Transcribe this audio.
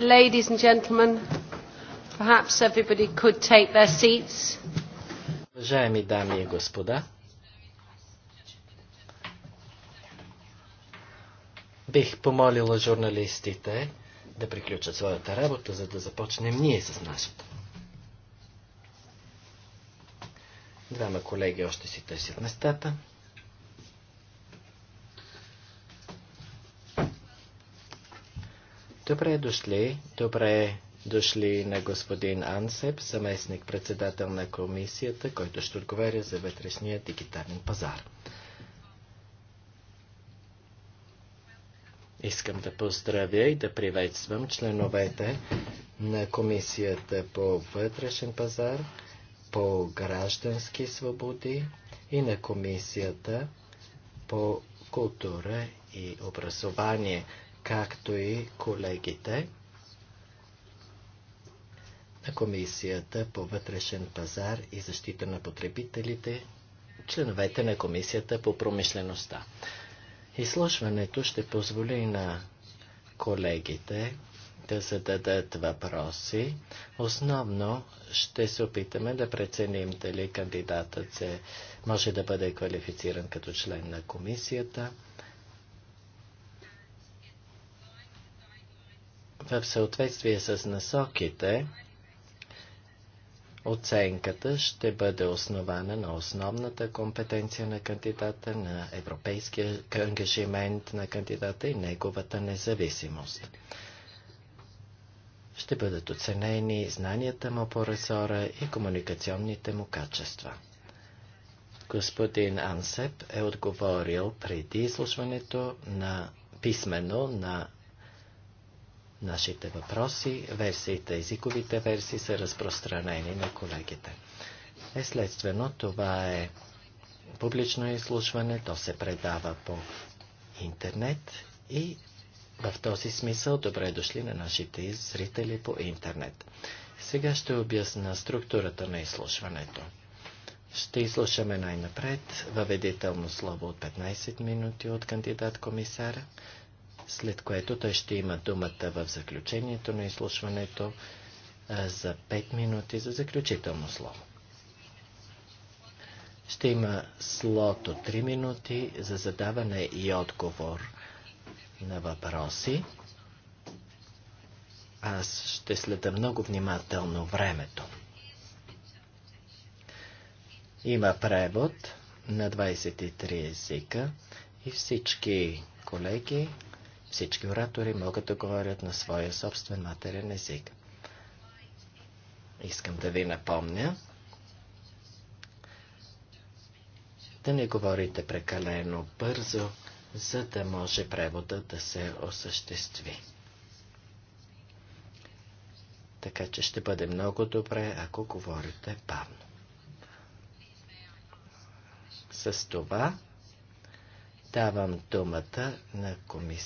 Ladies and gentlemen, perhaps everybody could take their seats. Уважаеми дами и господа, бих помолила журналистите да приключат своята работа, за да започнем ние с нашата. Двама колеги още си търсят местата. Добре дошли, добре дошли на господин Ансеп, съместник председател на комисията, който ще отговаря за вътрешния дигитален пазар. Искам да поздравя и да приветствам членовете на Комисията по вътрешен пазар, по граждански свободи и на Комисията по култура и образование както и колегите на Комисията по вътрешен пазар и защита на потребителите, членовете на Комисията по промишлеността. Изслушването ще позволи на колегите да зададат въпроси. Основно ще се опитаме да преценим дали кандидатът се може да бъде квалифициран като член на комисията. в съответствие с насоките, оценката ще бъде основана на основната компетенция на кандидата, на европейския ангажимент на кандидата и неговата независимост. Ще бъдат оценени знанията му по ресора и комуникационните му качества. Господин Ансеп е отговорил преди изслушването на писмено на нашите въпроси. Версиите, езиковите версии са разпространени на колегите. Естествено, това е публично изслушване, то се предава по интернет и в този смисъл добре дошли на нашите зрители по интернет. Сега ще обясна структурата на изслушването. Ще изслушаме най-напред въведително слово от 15 минути от кандидат комисара след което той ще има думата в заключението на изслушването за 5 минути за заключително слово. Ще има слот от 3 минути за задаване и отговор на въпроси. Аз ще следа много внимателно времето. Има превод на 23 езика и всички колеги всички оратори могат да говорят на своя собствен матерен език. Искам да ви напомня да не говорите прекалено бързо, за да може превода да се осъществи. Така че ще бъде много добре, ако говорите бавно. С това давам думата на, комисията.